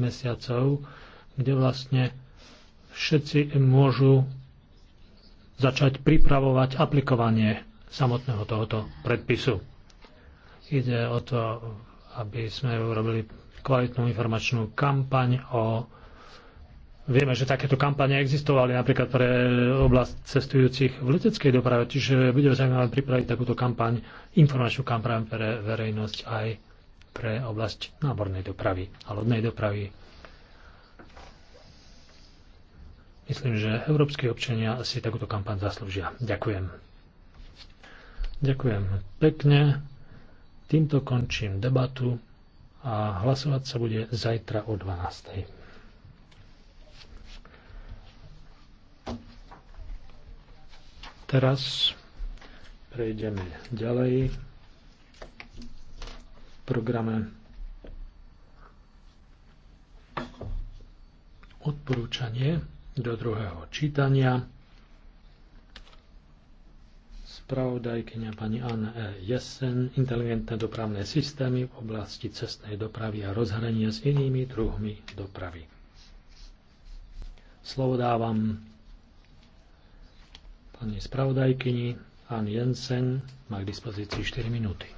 mesiacov, kde vlastne všetci môžu začať pripravovať aplikovanie samotného tohoto predpisu. Ide o to, aby sme urobili kvalitnú informačnú kampaň o Vieme, že takéto kampane existovali napríklad pre oblasť cestujúcich v leteckej doprave, čiže bude zaujímavé pripraviť takúto kampaň, informačnú kampaň pre verejnosť aj pre oblasť nábornej dopravy a lodnej dopravy. Myslím, že európsky občania si takúto kampaň zaslúžia. Ďakujem. Ďakujem pekne. Týmto končím debatu a hlasovať sa bude zajtra o 12. Teraz prejdeme ďalej programe. Odporúčanie do druhého čítania. Spravodajkynia pani Anne e. Jessen, inteligentné dopravné systémy v oblasti cestnej dopravy a rozhrania s inými druhmi dopravy. Slovo dávam pani spravodajkyni Ann Jensen, má k dispozícii 4 minúty.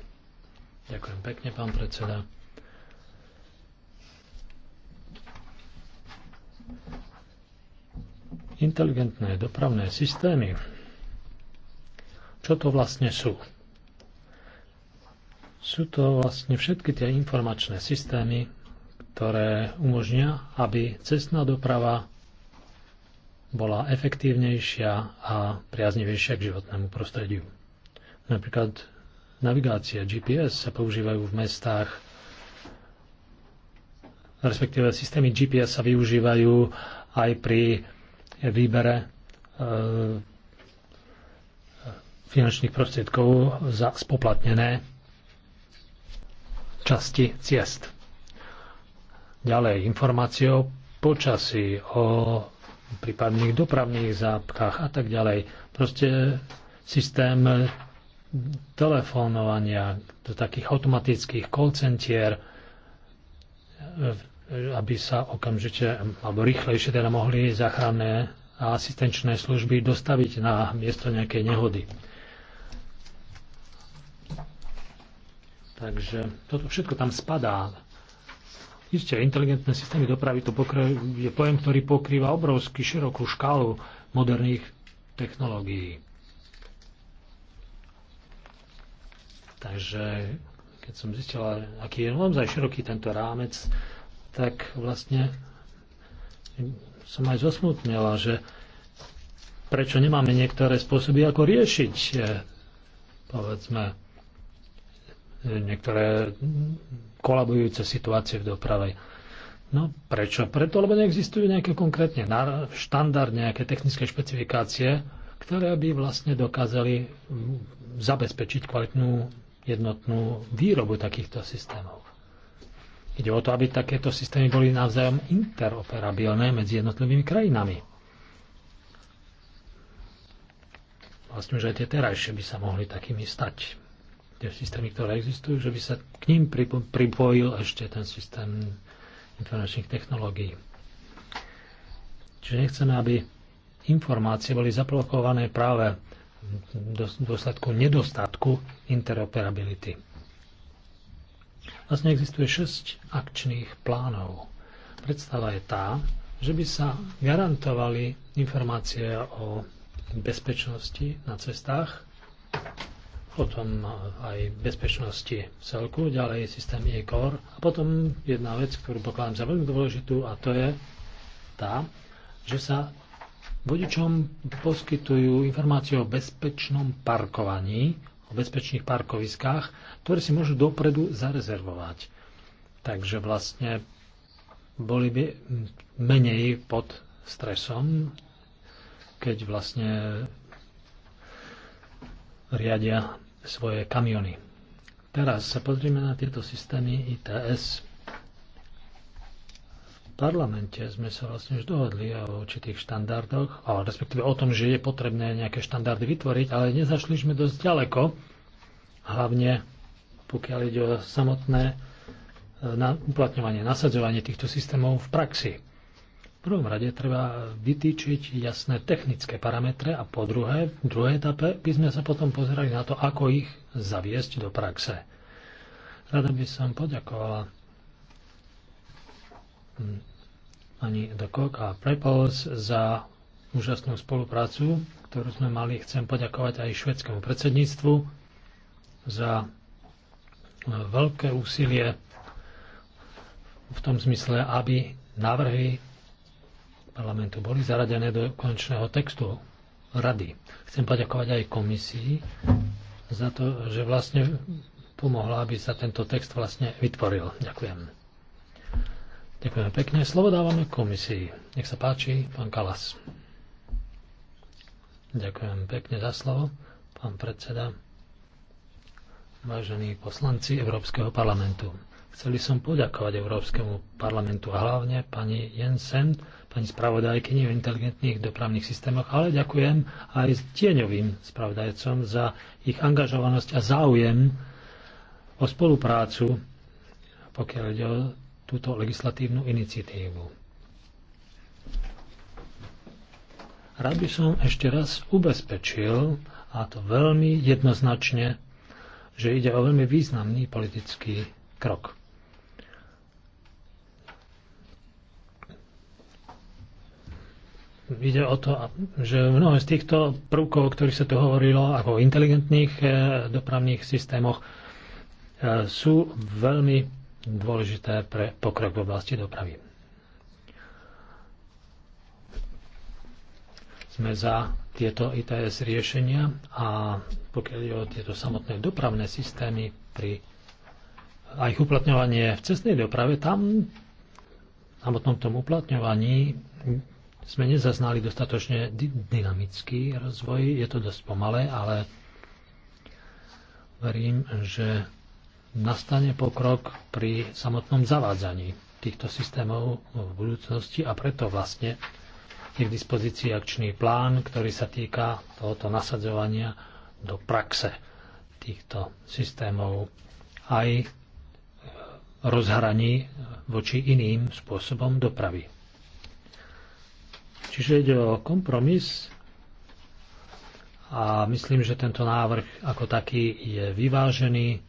Ďakujem pekne, pán predseda. Inteligentné dopravné systémy. Čo to vlastne sú? Sú to vlastne všetky tie informačné systémy, ktoré umožnia, aby cestná doprava bola efektívnejšia a priaznivejšia k životnému prostrediu. Napríklad navigácia, GPS sa používajú v mestách, respektíve systémy GPS sa využívajú aj pri výbere e, finančných prostriedkov za spoplatnené časti ciest. Ďalej informácie o počasí, o prípadných dopravných zápkach a tak ďalej. Proste systém telefonovania, do takých automatických call centier, aby sa okamžite, alebo rýchlejšie teda mohli záchranné a asistenčné služby dostaviť na miesto nejakej nehody. Takže toto všetko tam spadá. Isté, inteligentné systémy dopravy to je pojem, ktorý pokrýva obrovský širokú škálu moderných technológií. Takže keď som zistila, aký je naozaj široký tento rámec, tak vlastne som aj zosmutnila, že prečo nemáme niektoré spôsoby, ako riešiť, eh, povedzme, niektoré kolabujúce situácie v doprave. No prečo? Preto, lebo neexistujú nejaké konkrétne štandard, nejaké technické špecifikácie, ktoré by vlastne dokázali mm, zabezpečiť kvalitnú jednotnú výrobu takýchto systémov. Ide o to, aby takéto systémy boli navzájom interoperabilné medzi jednotlivými krajinami. Vlastne že aj tie terajšie by sa mohli takými stať. Tie systémy, ktoré existujú, že by sa k ním pripojil ešte ten systém informačných technológií. Čiže nechceme, aby informácie boli zablokované práve dôsledku nedostatku interoperability. Vlastne existuje 6 akčných plánov. Predstava je tá, že by sa garantovali informácie o bezpečnosti na cestách, potom aj bezpečnosti v celku, ďalej systém e-core a potom jedna vec, ktorú pokladám za veľmi dôležitú a to je tá, že sa Vodičom poskytujú informácie o bezpečnom parkovaní, o bezpečných parkoviskách, ktoré si môžu dopredu zarezervovať. Takže vlastne boli by menej pod stresom, keď vlastne riadia svoje kamiony. Teraz sa pozrieme na tieto systémy ITS parlamente sme sa vlastne už dohodli o určitých štandardoch, a respektíve o tom, že je potrebné nejaké štandardy vytvoriť, ale nezašli sme dosť ďaleko, hlavne pokiaľ ide o samotné e, na uplatňovanie, nasadzovanie týchto systémov v praxi. V prvom rade treba vytýčiť jasné technické parametre a po druhé, v druhej etape by sme sa potom pozerali na to, ako ich zaviesť do praxe. Rada by som poďakovala Hm. pani Dokok a Prepols za úžasnú spoluprácu, ktorú sme mali. Chcem poďakovať aj švedskému predsedníctvu za e, veľké úsilie v tom zmysle, aby návrhy parlamentu boli zaradené do konečného textu rady. Chcem poďakovať aj komisii za to, že vlastne pomohla, aby sa tento text vlastne vytvoril. Ďakujem. Ďakujeme pekne. Slovo dávame komisii. Nech sa páči, pán Kalas. Ďakujem pekne za slovo, pán predseda. Vážení poslanci Európskeho parlamentu, chceli som poďakovať Európskemu parlamentu a hlavne pani Jensen, pani spravodajkyni o inteligentných dopravných systémoch, ale ďakujem aj tieňovým spravodajcom za ich angažovanosť a záujem o spoluprácu, pokiaľ ide o túto legislatívnu iniciatívu. Rád by som ešte raz ubezpečil, a to veľmi jednoznačne, že ide o veľmi významný politický krok. ide o to, že mnoho z týchto prvkov, o ktorých sa tu hovorilo, ako o inteligentných eh, dopravných systémoch, eh, sú veľmi dôležité pre pokrok v oblasti dopravy. Sme za tieto ITS riešenia a pokiaľ je o tieto samotné dopravné systémy pri a ich uplatňovanie v cestnej doprave, tam samotnom tom uplatňovaní sme nezaznali dostatočne dynamický rozvoj, je to dosť pomalé, ale verím, že nastane pokrok pri samotnom zavádzaní týchto systémov v budúcnosti a preto vlastne je k dispozícii akčný plán, ktorý sa týka tohoto nasadzovania do praxe týchto systémov aj rozhraní voči iným spôsobom dopravy. Čiže ide o kompromis a myslím, že tento návrh ako taký je vyvážený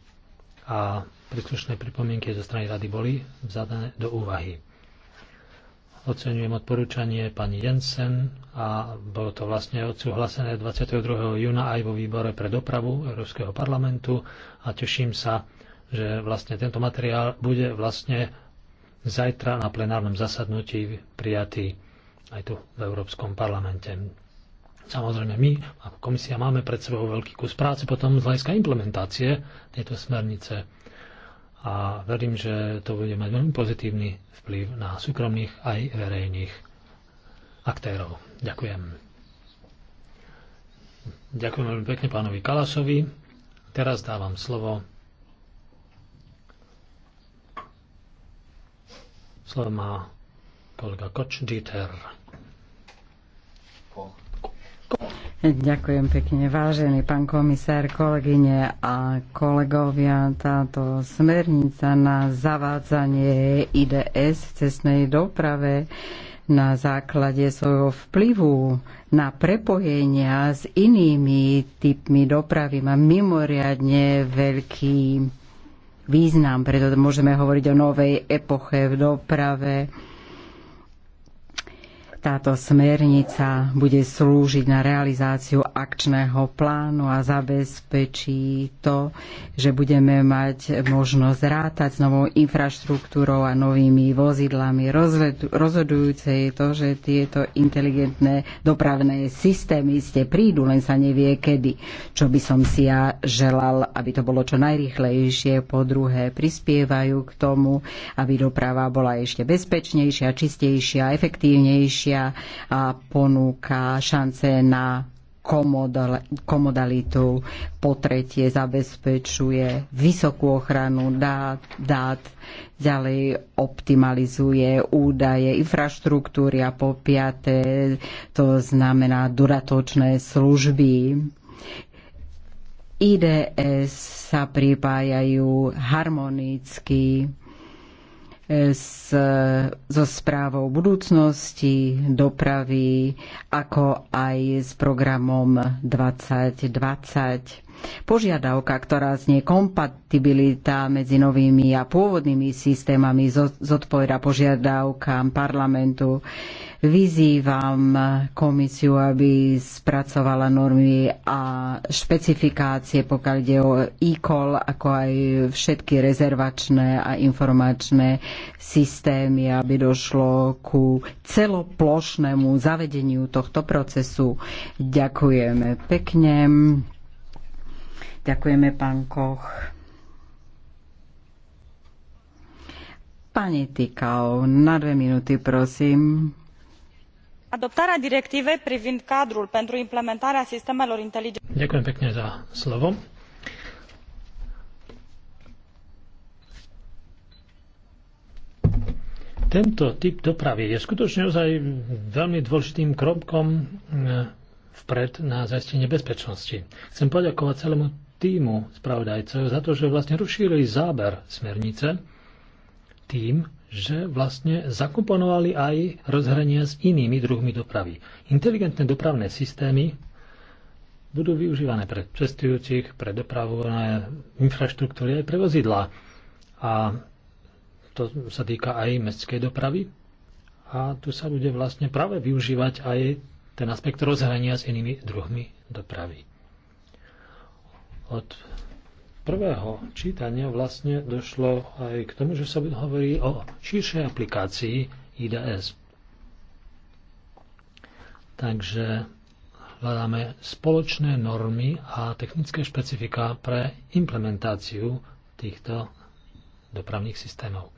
a príslušné pripomienky zo strany rady boli vzané do úvahy. Oceňujem odporúčanie pani Jensen a bolo to vlastne odsúhlasené 22. júna aj vo výbore pre dopravu Európskeho parlamentu a teším sa, že vlastne tento materiál bude vlastne zajtra na plenárnom zasadnutí prijatý aj tu v Európskom parlamente. Samozrejme, my ako komisia máme pred sebou veľký kus práce potom z hľadiska implementácie tejto smernice a verím, že to bude mať veľmi pozitívny vplyv na súkromných aj verejných aktérov. Ďakujem. Ďakujem veľmi pekne pánovi Kalasovi. Teraz dávam slovo Slovo má kolega Koč Dieter. Oh. Ďakujem pekne, vážený pán komisár, kolegyne a kolegovia. Táto smernica na zavádzanie IDS v cestnej doprave na základe svojho vplyvu na prepojenia s inými typmi dopravy má mimoriadne veľký význam, preto môžeme hovoriť o novej epoche v doprave táto smernica bude slúžiť na realizáciu akčného plánu a zabezpečí to, že budeme mať možnosť rátať s novou infraštruktúrou a novými vozidlami. Rozhodujúce je to, že tieto inteligentné dopravné systémy ste prídu, len sa nevie kedy. Čo by som si ja želal, aby to bolo čo najrychlejšie. Po druhé, prispievajú k tomu, aby doprava bola ešte bezpečnejšia, čistejšia, efektívnejšia a ponúka šance na komodalitu, po tretie zabezpečuje vysokú ochranu dát, dát, ďalej optimalizuje údaje infraštruktúry a po piaté to znamená dodatočné služby. IDS sa pripájajú harmonicky s, so správou budúcnosti, dopravy, ako aj s programom 2020. Požiadavka, ktorá znie kompatibilita medzi novými a pôvodnými systémami, zodpoveda požiadavkám parlamentu Vyzývam komisiu, aby spracovala normy a špecifikácie, pokiaľ ide o e-call, ako aj všetky rezervačné a informačné systémy, aby došlo ku celoplošnému zavedeniu tohto procesu. Ďakujeme pekne. Ďakujeme, pán Koch. Pani Tikau, na dve minúty, prosím adoptarea directivei privind cadrul pentru implementarea sistemelor inteligente. Tento typ dopravy je skutočne ozaj veľmi dôležitým krokom e, vpred na zaistenie bezpečnosti. Chcem poďakovať celému týmu spravodajcov za to, že vlastne rušili záber smernice tým, že vlastne zakomponovali aj rozhrania s inými druhmi dopravy. Inteligentné dopravné systémy budú využívané pre cestujúcich, pre dopravu na infraštruktúry aj pre vozidlá. A to sa týka aj mestskej dopravy. A tu sa bude vlastne práve využívať aj ten aspekt rozhrania s inými druhmi dopravy. Od prvého čítania vlastne došlo aj k tomu, že sa hovorí o širšej aplikácii IDS. Takže hľadáme spoločné normy a technické špecifika pre implementáciu týchto dopravných systémov.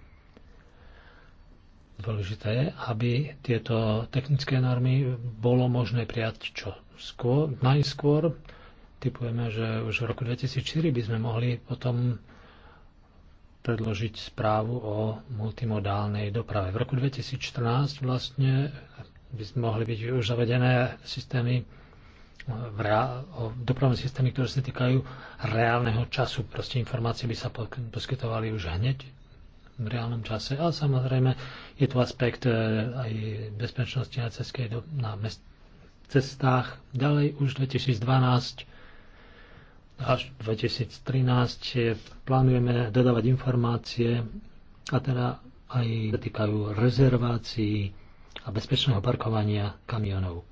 Dôležité je, aby tieto technické normy bolo možné prijať čo skôr, najskôr, Typujeme, že už v roku 2004 by sme mohli potom predložiť správu o multimodálnej doprave. V roku 2014 vlastne by sme mohli byť už zavedené systémy v rea- o dopravné systémy, ktoré sa týkajú reálneho času. Proste informácie by sa poskytovali už hneď v reálnom čase. A samozrejme je tu aspekt e, aj bezpečnosti na, do- na mest- cestách. Ďalej už 2012 až 2013 plánujeme dodávať informácie a teda aj týkajú rezervácií a bezpečného parkovania kamionov.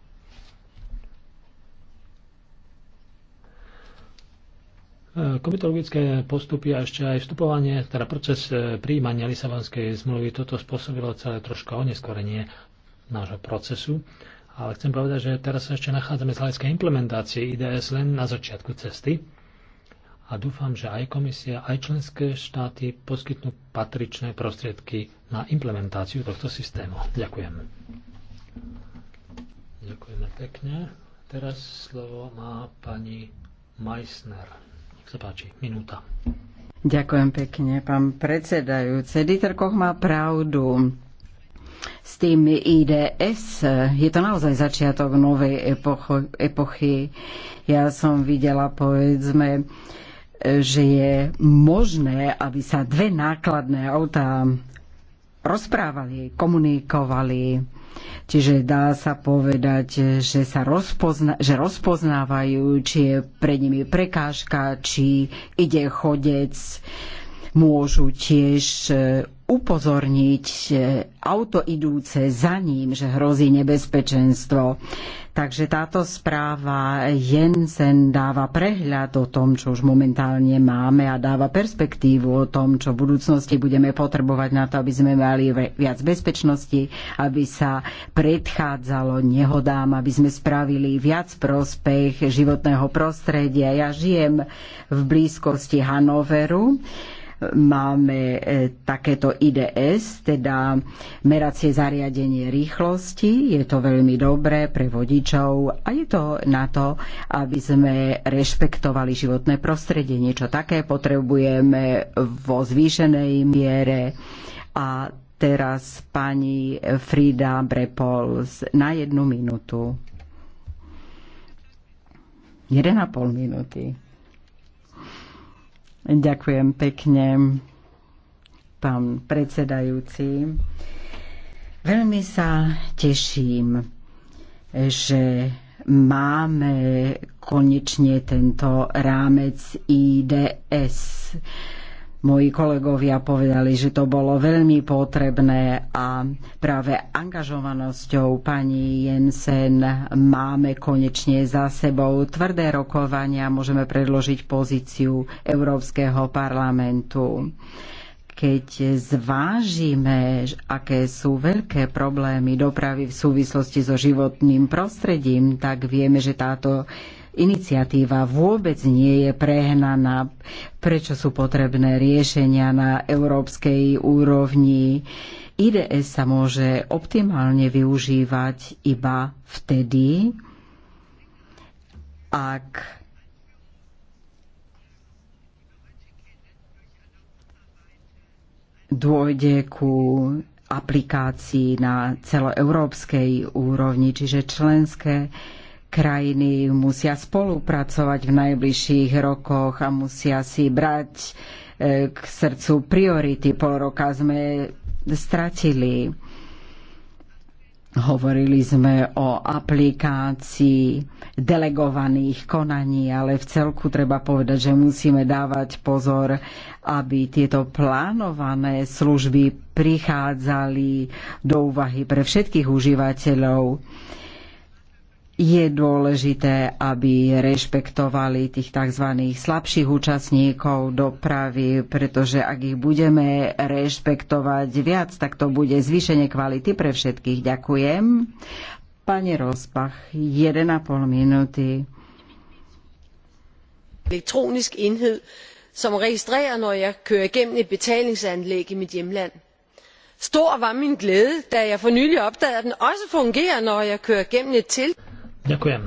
E, komitologické postupy a ešte aj vstupovanie, teda proces e, príjmania Lisabonskej zmluvy, toto spôsobilo celé troška oneskorenie nášho procesu. Ale chcem povedať, že teraz sa ešte nachádzame z hľadiska implementácie IDS len na začiatku cesty a dúfam, že aj komisia, aj členské štáty poskytnú patričné prostriedky na implementáciu tohto systému. Ďakujem. Ďakujeme pekne. Teraz slovo má pani Meissner. Nech sa páči, minúta. Ďakujem pekne, pán predsedajúce. Dieter Koch má pravdu s tým IDS. Je to naozaj začiatok novej epocho, epochy. Ja som videla, povedzme, že je možné, aby sa dve nákladné autá rozprávali, komunikovali. Čiže dá sa povedať, že sa rozpozna, že rozpoznávajú, či je pre nimi prekážka, či ide chodec. Môžu tiež upozorniť auto idúce za ním, že hrozí nebezpečenstvo. Takže táto správa Jensen dáva prehľad o tom, čo už momentálne máme a dáva perspektívu o tom, čo v budúcnosti budeme potrebovať na to, aby sme mali viac bezpečnosti, aby sa predchádzalo nehodám, aby sme spravili viac prospech životného prostredia. Ja žijem v blízkosti Hanoveru Máme e, takéto IDS, teda meracie zariadenie rýchlosti. Je to veľmi dobré pre vodičov a je to na to, aby sme rešpektovali životné prostredie. Niečo také potrebujeme vo zvýšenej miere. A teraz pani Frida Brepols na jednu minútu. 1,5 minúty. Ďakujem pekne, pán predsedajúci. Veľmi sa teším, že máme konečne tento rámec IDS moji kolegovia povedali, že to bolo veľmi potrebné a práve angažovanosťou pani Jensen máme konečne za sebou tvrdé rokovania, môžeme predložiť pozíciu Európskeho parlamentu keď zvážime, aké sú veľké problémy dopravy v súvislosti so životným prostredím, tak vieme, že táto iniciatíva vôbec nie je prehnaná, prečo sú potrebné riešenia na európskej úrovni. IDS sa môže optimálne využívať iba vtedy, ak dôjde ku aplikácii na celoeurópskej úrovni, čiže členské Krajiny musia spolupracovať v najbližších rokoch a musia si brať e, k srdcu priority. Pol roka sme stratili. Hovorili sme o aplikácii delegovaných konaní, ale v celku treba povedať, že musíme dávať pozor, aby tieto plánované služby prichádzali do úvahy pre všetkých užívateľov je dôležité, aby rešpektovali tých tzv. slabších účastníkov dopravy, pretože ak ich budeme rešpektovať viac, tak to bude zvýšenie kvality pre všetkých. Ďakujem. Pani Rozpach, 1,5 minúty. Elektronisk enhed, som registrerer, når jeg kører igennem et betalingsanlæg i mit hjemland stor var min glæde da jeg for nylig opdagede at den også fungerer når jeg kører gennem et Ďakujem.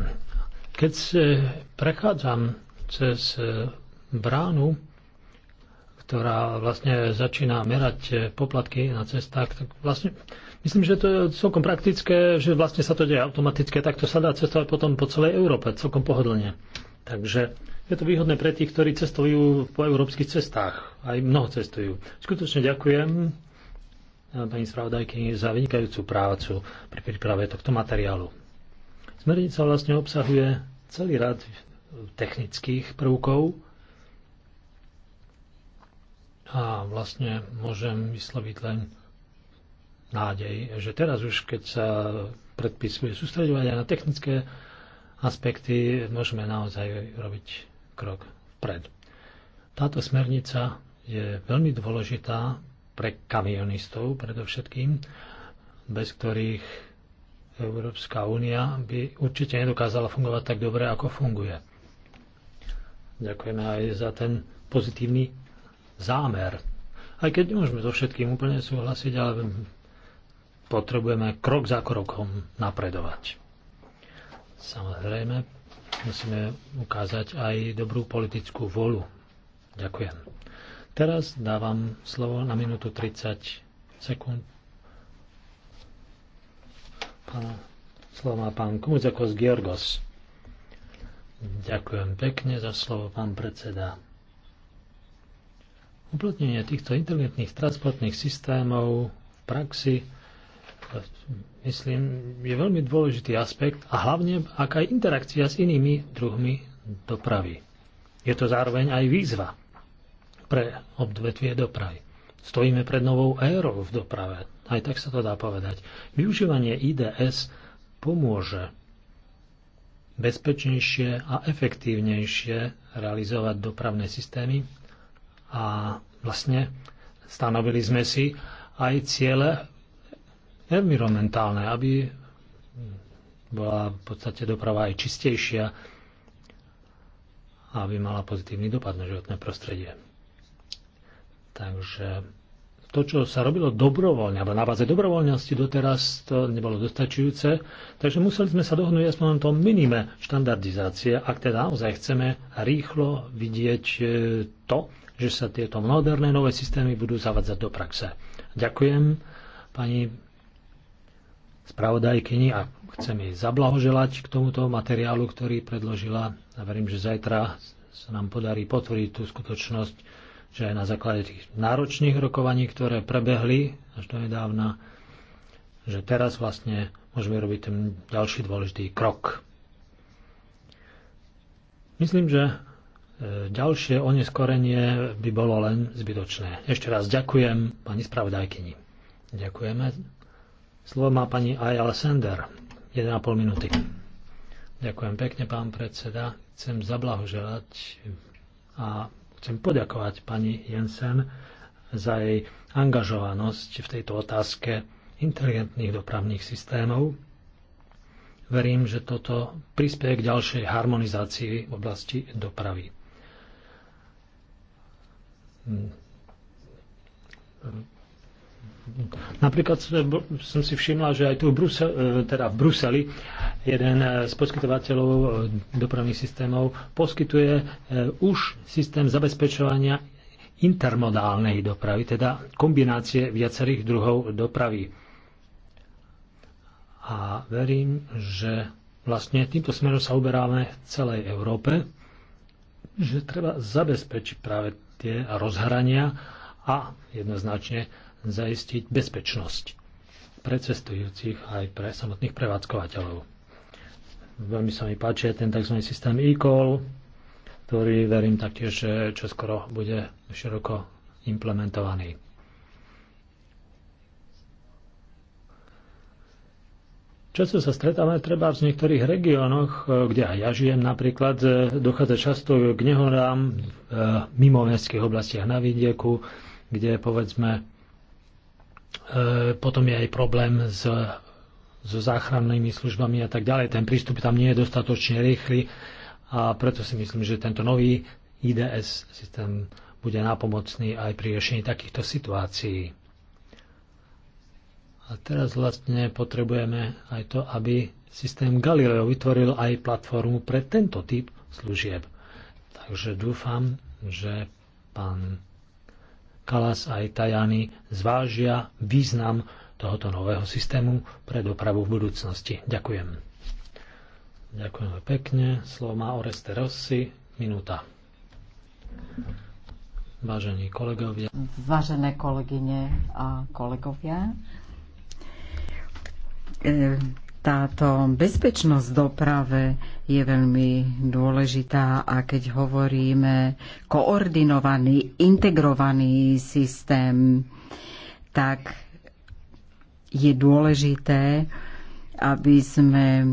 Keď eh, prechádzam cez eh, bránu, ktorá vlastne začína merať eh, poplatky na cestách, tak vlastne myslím, že to je celkom praktické, že vlastne sa to deje automaticky, to sa dá cestovať potom po celej Európe, celkom pohodlne. Takže je to výhodné pre tých, ktorí cestujú po európskych cestách. Aj mnoho cestujú. Skutočne ďakujem pani spravodajky za vynikajúcu prácu pri príprave tohto materiálu. Smernica vlastne obsahuje celý rad technických prvkov a vlastne môžem vysloviť len nádej, že teraz už, keď sa predpisuje bude sústredovať aj na technické aspekty, môžeme naozaj robiť krok vpred. Táto smernica je veľmi dôležitá pre kamionistov predovšetkým, bez ktorých Európska únia by určite nedokázala fungovať tak dobre, ako funguje. Ďakujeme aj za ten pozitívny zámer. Aj keď nemôžeme so všetkým úplne súhlasiť, ale potrebujeme krok za krokom napredovať. Samozrejme, musíme ukázať aj dobrú politickú volu. Ďakujem. Teraz dávam slovo na minútu 30 sekúnd a slovo má pán Kumuzakos Georgos. Ďakujem pekne za slovo, pán predseda. Uplatnenie týchto inteligentných transportných systémov v praxi myslím, je veľmi dôležitý aspekt a hlavne, aká je interakcia s inými druhmi dopravy. Je to zároveň aj výzva pre obdvetvie dopravy. Stojíme pred novou érou v doprave. Aj tak sa to dá povedať. Využívanie IDS pomôže bezpečnejšie a efektívnejšie realizovať dopravné systémy a vlastne stanovili sme si aj ciele environmentálne, aby bola v podstate doprava aj čistejšia a aby mala pozitívny dopad na životné prostredie. Takže to, čo sa robilo dobrovoľne, alebo na báze dobrovoľnosti doteraz to nebolo dostačujúce, takže museli sme sa dohnúť aspoň na tom minime štandardizácie, ak teda naozaj chceme rýchlo vidieť e, to, že sa tieto moderné nové systémy budú zavadzať do praxe. Ďakujem pani spravodajkyni a chcem jej zablahoželať k tomuto materiálu, ktorý predložila. A verím, že zajtra sa nám podarí potvrdiť tú skutočnosť, že aj na základe tých náročných rokovaní, ktoré prebehli až do nedávna, že teraz vlastne môžeme robiť ten ďalší dôležitý krok. Myslím, že e, ďalšie oneskorenie by bolo len zbytočné. Ešte raz ďakujem pani spravodajkyni. Ďakujeme. Slovo má pani Ayala Sender. 1,5 minúty. Ďakujem pekne, pán predseda. Chcem zablahoželať a Chcem poďakovať pani Jensen za jej angažovanosť v tejto otázke inteligentných dopravných systémov. Verím, že toto prispieje k ďalšej harmonizácii v oblasti dopravy Napríklad som si všimla, že aj tu v, Brusel, e, teda v Bruseli jeden e, z poskytovateľov e, dopravných systémov poskytuje už systém zabezpečovania intermodálnej dopravy, teda kombinácie viacerých druhov dopravy. A verím, že vlastne týmto smerom sa uberáme v celej Európe, že treba zabezpečiť práve tie rozhrania a jednoznačne zaistiť bezpečnosť pre cestujúcich aj pre samotných prevádzkovateľov. Veľmi sa mi páči ten tzv. systém e-call, ktorý verím taktiež, že čoskoro bude široko implementovaný. Často sa stretávame treba v niektorých regiónoch, e, kde aj ja žijem napríklad, e, dochádza často k nehodám v e, mimomestských oblastiach na vidieku, kde povedzme E, potom je aj problém s, so záchrannými službami a tak ďalej. Ten prístup tam nie je dostatočne rýchly a preto si myslím, že tento nový IDS systém bude nápomocný aj pri riešení takýchto situácií. A teraz vlastne potrebujeme aj to, aby systém Galileo vytvoril aj platformu pre tento typ služieb. Takže dúfam, že pán Kalas aj Tajany zvážia význam tohoto nového systému pre dopravu v budúcnosti. Ďakujem. Ďakujem pekne. Slovo má Oreste Rossi. Minúta. Vážení kolegovia. Vážené kolegyne a kolegovia. E, táto bezpečnosť doprave je veľmi dôležitá a keď hovoríme koordinovaný, integrovaný systém, tak je dôležité, aby sme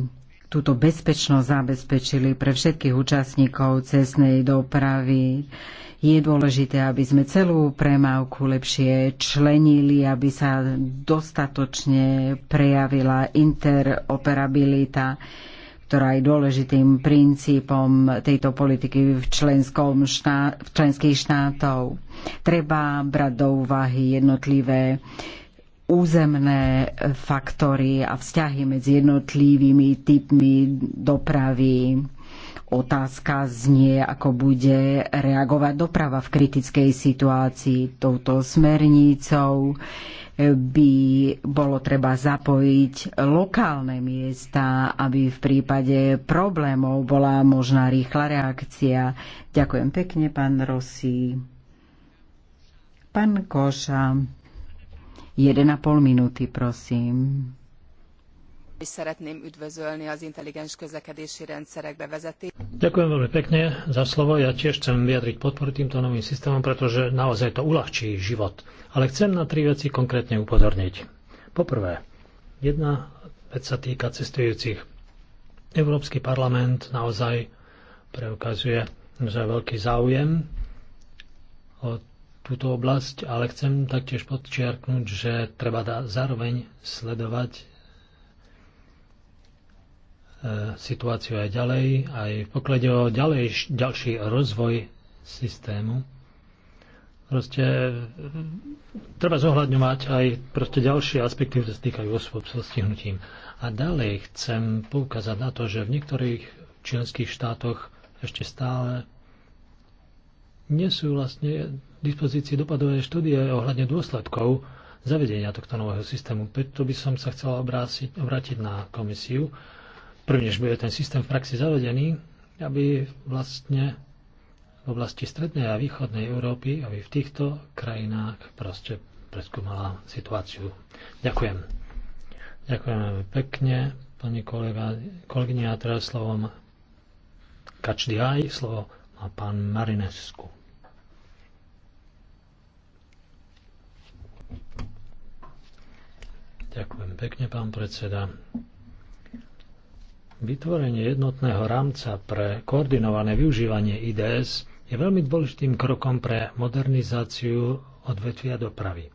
túto bezpečnosť zabezpečili pre všetkých účastníkov cestnej dopravy. Je dôležité, aby sme celú premávku lepšie členili, aby sa dostatočne prejavila interoperabilita, ktorá je dôležitým princípom tejto politiky v, členskom v členských štátov. Treba brať do úvahy jednotlivé územné faktory a vzťahy medzi jednotlivými typmi dopravy. Otázka znie, ako bude reagovať doprava v kritickej situácii touto smernicou. By bolo treba zapojiť lokálne miesta, aby v prípade problémov bola možná rýchla reakcia. Ďakujem pekne, pán Rossi. Pán Koša. 1,5 minúty, prosím. Ďakujem veľmi pekne za slovo. Ja tiež chcem vyjadriť podporu týmto novým systémom, pretože naozaj to uľahčí život. Ale chcem na tri veci konkrétne upozorniť. Poprvé, jedna vec sa týka cestujúcich. Európsky parlament naozaj preukazuje že veľký záujem o túto oblasť, ale chcem taktiež podčiarknúť, že treba dá zároveň sledovať e, situáciu aj ďalej, aj poklade o ďalej, ďalší rozvoj systému. Proste e, treba zohľadňovať aj proste ďalšie aspekty, ktoré sa týkajú osôb so stihnutím. A ďalej chcem poukázať na to, že v niektorých členských štátoch ešte stále nie sú vlastne dispozície dopadové štúdie ohľadne dôsledkov zavedenia tohto nového systému. Preto by som sa chcela obrátiť, obrátiť na komisiu, prvnež bude ten systém v praxi zavedený, aby vlastne v oblasti strednej a východnej Európy, aby v týchto krajinách proste preskúmala situáciu. Ďakujem. Ďakujem pekne, pani kolega, kolegyňa, teraz slovom Kačdiaj, slovo má pán Marinesku. Ďakujem pekne, pán predseda. Vytvorenie jednotného rámca pre koordinované využívanie IDS je veľmi dôležitým krokom pre modernizáciu odvetvia dopravy.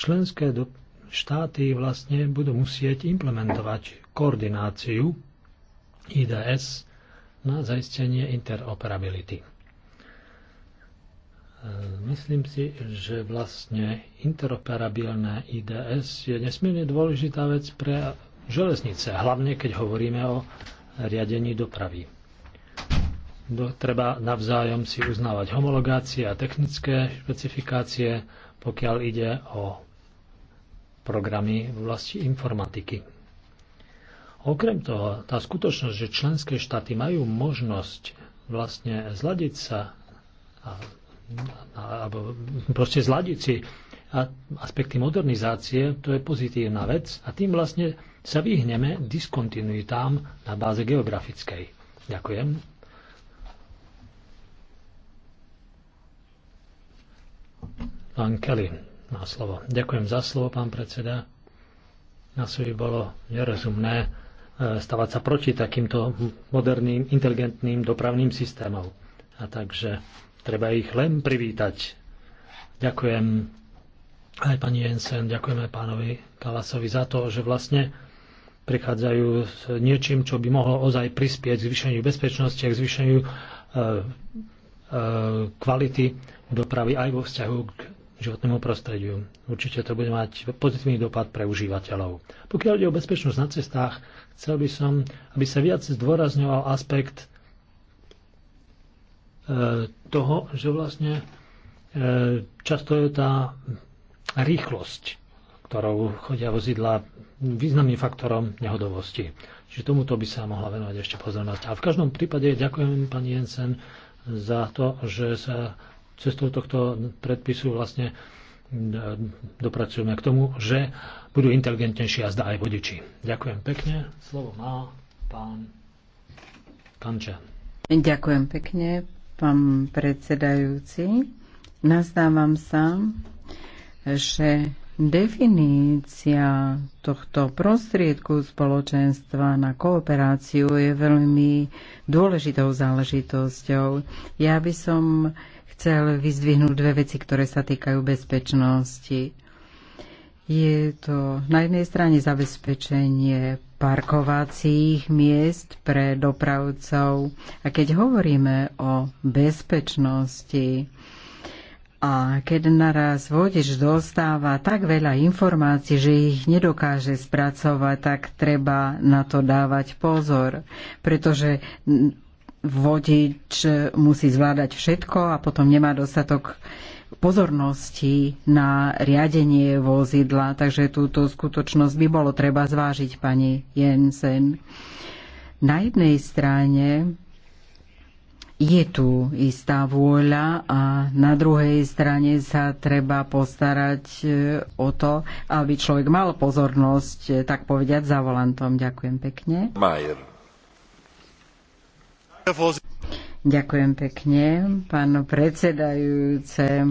Členské do... štáty vlastne budú musieť implementovať koordináciu IDS na zaistenie interoperability. Myslím si, že vlastne interoperabilné IDS je nesmierne dôležitá vec pre železnice, hlavne keď hovoríme o riadení dopravy. Do, treba navzájom si uznávať homologácie a technické špecifikácie, pokiaľ ide o programy v oblasti informatiky. Okrem toho, tá skutočnosť, že členské štáty majú možnosť vlastne zladiť sa a alebo proste zladiť si aspekty modernizácie, to je pozitívna vec a tým vlastne sa vyhneme diskontinuitám na báze geografickej. Ďakujem. Pán Kelly má slovo. Ďakujem za slovo, pán predseda. Na by bolo nerozumné e, stavať sa proti takýmto moderným, inteligentným dopravným systémom. A takže Treba ich len privítať. Ďakujem aj pani Jensen, ďakujem aj pánovi Kalasovi za to, že vlastne prichádzajú s niečím, čo by mohlo ozaj prispieť k zvýšeniu bezpečnosti a k zvýšeniu e, e, kvality dopravy aj vo vzťahu k životnému prostrediu. Určite to bude mať pozitívny dopad pre užívateľov. Pokiaľ ide o bezpečnosť na cestách, chcel by som, aby sa viac zdôrazňoval aspekt E, toho, že vlastne e, často je tá rýchlosť, ktorou chodia vozidla, významným faktorom nehodovosti. Čiže tomuto by sa mohla venovať ešte pozornosť. A v každom prípade ďakujem pani Jensen za to, že sa cestou tohto predpisu vlastne e, dopracujeme k tomu, že budú inteligentnejší zdá aj vodiči. Ďakujem pekne. Slovo má pán Kančan. Ďakujem pekne, Pán predsedajúci, nazdávam sa, že definícia tohto prostriedku spoločenstva na kooperáciu je veľmi dôležitou záležitosťou. Ja by som chcel vyzdvihnúť dve veci, ktoré sa týkajú bezpečnosti. Je to na jednej strane zabezpečenie parkovacích miest pre dopravcov. A keď hovoríme o bezpečnosti, a keď naraz vodič dostáva tak veľa informácií, že ich nedokáže spracovať, tak treba na to dávať pozor, pretože vodič musí zvládať všetko a potom nemá dostatok pozornosti na riadenie vozidla, takže túto skutočnosť by bolo treba zvážiť, pani Jensen. Na jednej strane je tu istá vôľa a na druhej strane sa treba postarať e, o to, aby človek mal pozornosť, e, tak povediať, za volantom. Ďakujem pekne. Majer. Ďakujem pekne, pán predsedajúce.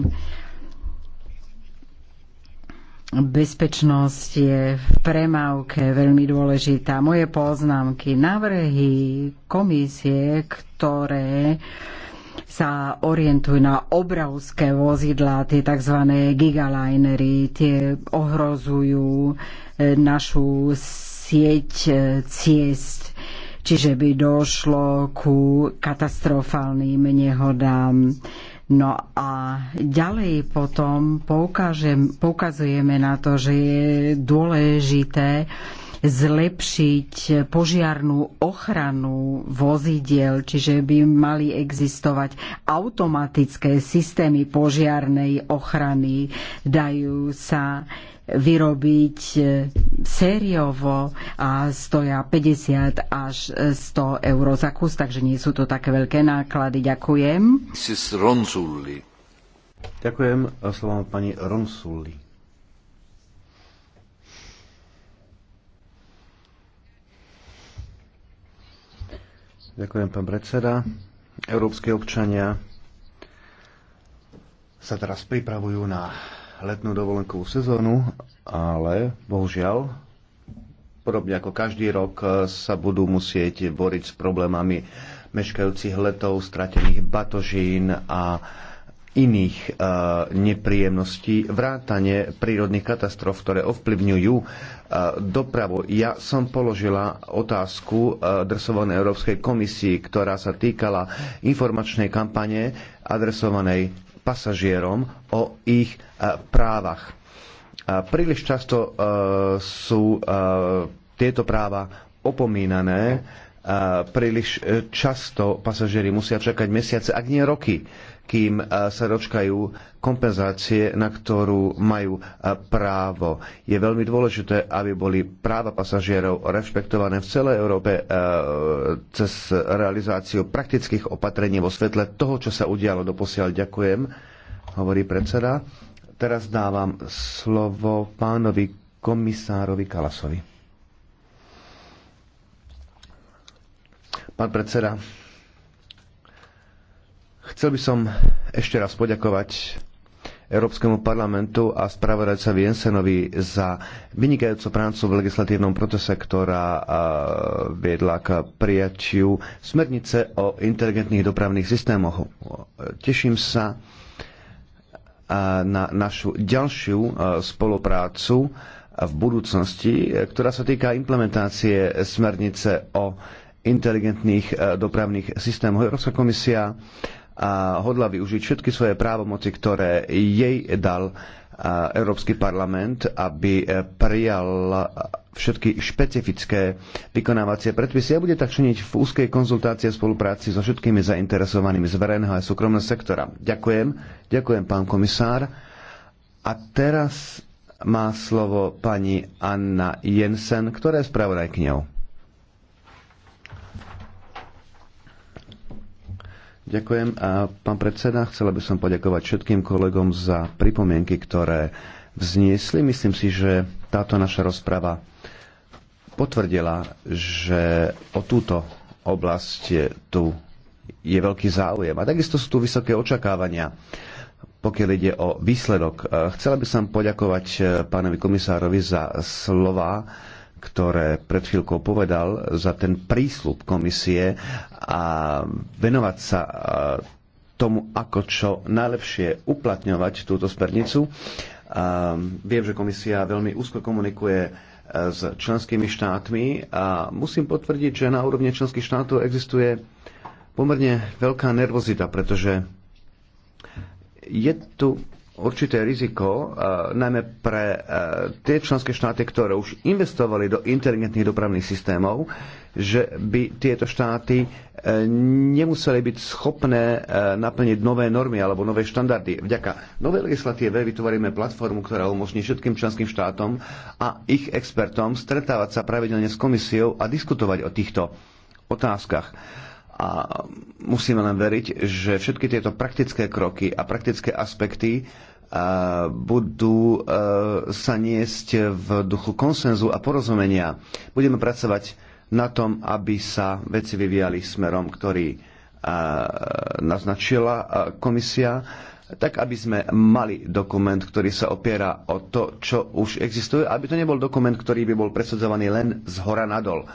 Bezpečnosť je v premávke veľmi dôležitá. Moje poznámky, návrhy komisie, ktoré sa orientujú na obrovské vozidlá, tie tzv. gigalinery, tie ohrozujú eh, našu sieť eh, ciest čiže by došlo ku katastrofálnym nehodám. No a ďalej potom poukážem, poukazujeme na to, že je dôležité zlepšiť požiarnú ochranu vozidiel, čiže by mali existovať automatické systémy požiarnej ochrany. Dajú sa vyrobiť sériovo a stoja 50 až 100 eur za kus, takže nie sú to také veľké náklady. Ďakujem. Ďakujem. Slovo pani Ronsulli. Ďakujem, pán predseda. Európske občania sa teraz pripravujú na letnú dovolenkovú sezónu, ale bohužiaľ, podobne ako každý rok, e, sa budú musieť boriť s problémami meškajúcich letov, stratených batožín a iných e, nepríjemností, vrátane prírodných katastrof, ktoré ovplyvňujú e, dopravu. Ja som položila otázku adresovanej Európskej komisii, ktorá sa týkala informačnej kampane adresovanej pasažierom o ich e, právach. E, príliš často e, sú tieto práva opomínané príliš e, často pasažieri musia čakať mesiace, ak nie roky, kým e, sa dočkajú kompenzácie, na ktorú majú e, právo. Je veľmi dôležité, aby boli práva pasažierov rešpektované v celej Európe cez realizáciu praktických opatrení vo svetle toho, čo sa udialo doposiaľ. Ďakujem, hovorí predseda. Teraz dávam slovo pánovi komisárovi Kalasovi. Pán predseda, chcel by som ešte raz poďakovať Európskemu parlamentu a spravodajca Viensenovi za vynikajúcu prácu v legislatívnom procese, ktorá viedla k prijatiu smernice o inteligentných dopravných systémoch. Teším sa na našu ďalšiu spoluprácu v budúcnosti, e, ktorá sa týka implementácie smernice o inteligentných e, dopravných systémov. Európska komisia a e, hodla využiť všetky svoje právomoci, ktoré jej dal e, Európsky parlament, aby prijal všetky špecifické vykonávacie predpisy a bude tak činiť v úzkej konzultácie a spolupráci so všetkými zainteresovanými z verejného a súkromného sektora. Ďakujem, ďakujem pán komisár. A teraz má slovo pani Anna Jensen, ktorá je spravodajkňou. Ďakujem. A pán predseda, chcela by som poďakovať všetkým kolegom za pripomienky, ktoré vzniesli. Myslím si, že táto naša rozprava potvrdila, že o túto oblasť je, tu je veľký záujem. A takisto sú tu vysoké očakávania, pokiaľ ide o výsledok. Chcela by som poďakovať eh, pánovi komisárovi za slova, ktoré pred chvíľkou povedal, za ten prísľub komisie a venovať sa tomu, ako čo najlepšie uplatňovať túto smernicu. Viem, že komisia veľmi úzko komunikuje e, s členskými štátmi a musím potvrdiť, že na úrovni členských štátov existuje pomerne veľká nervozita, pretože je tu určité riziko, e, najmä pre e, tie členské štáty, ktoré už investovali do inteligentných dopravných systémov, že by tieto štáty e, nemuseli byť schopné naplniť nové normy alebo nové štandardy. Vďaka novej legislatíve vytvoríme platformu, ktorá umožní všetkým členským štátom a ich expertom stretávať sa pravidelne s komisiou a diskutovať o týchto otázkach a musíme len veriť, že všetky tieto praktické kroky a praktické aspekty e, budú e, sa niesť v duchu konsenzu a porozumenia. Budeme pracovať na tom, aby sa veci vyvíjali smerom, ktorý e, naznačila komisia tak aby sme mali dokument, ktorý sa opiera o to, čo už existuje, aby to nebol dokument, ktorý by bol presadzovaný len z hora nadol.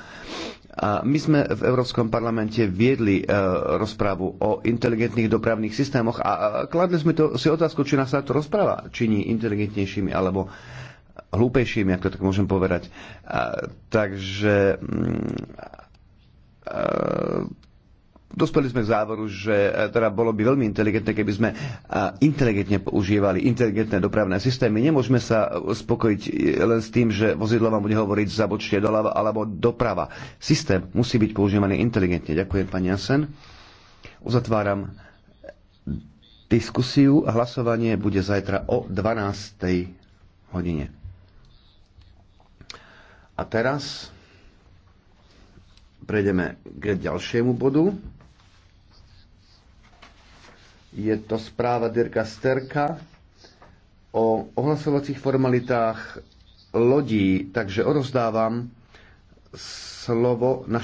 A my sme v Európskom parlamente viedli e, rozprávu o inteligentných dopravných systémoch a kladli sme to, si otázku, či nás táto rozpráva činí inteligentnejšími alebo hlúpejšími, ak to tak môžem povedať. takže mm, dospeli sme k závoru, že e, teda bolo by veľmi inteligentné, keby sme e, inteligentne používali inteligentné dopravné systémy. Nemôžeme sa e, spokojiť len s tým, že vozidlo vám bude hovoriť zabočte doľava alebo doprava. Systém musí byť používaný inteligentne. Ďakujem, pani Jasen. Uzatváram diskusiu. a Hlasovanie bude zajtra o 12. hodine. A teraz prejdeme k ďalšiemu bodu. Je to správa Dirka Sterka o ohlasovacích formalitách lodí, takže odovzdávam slovo našim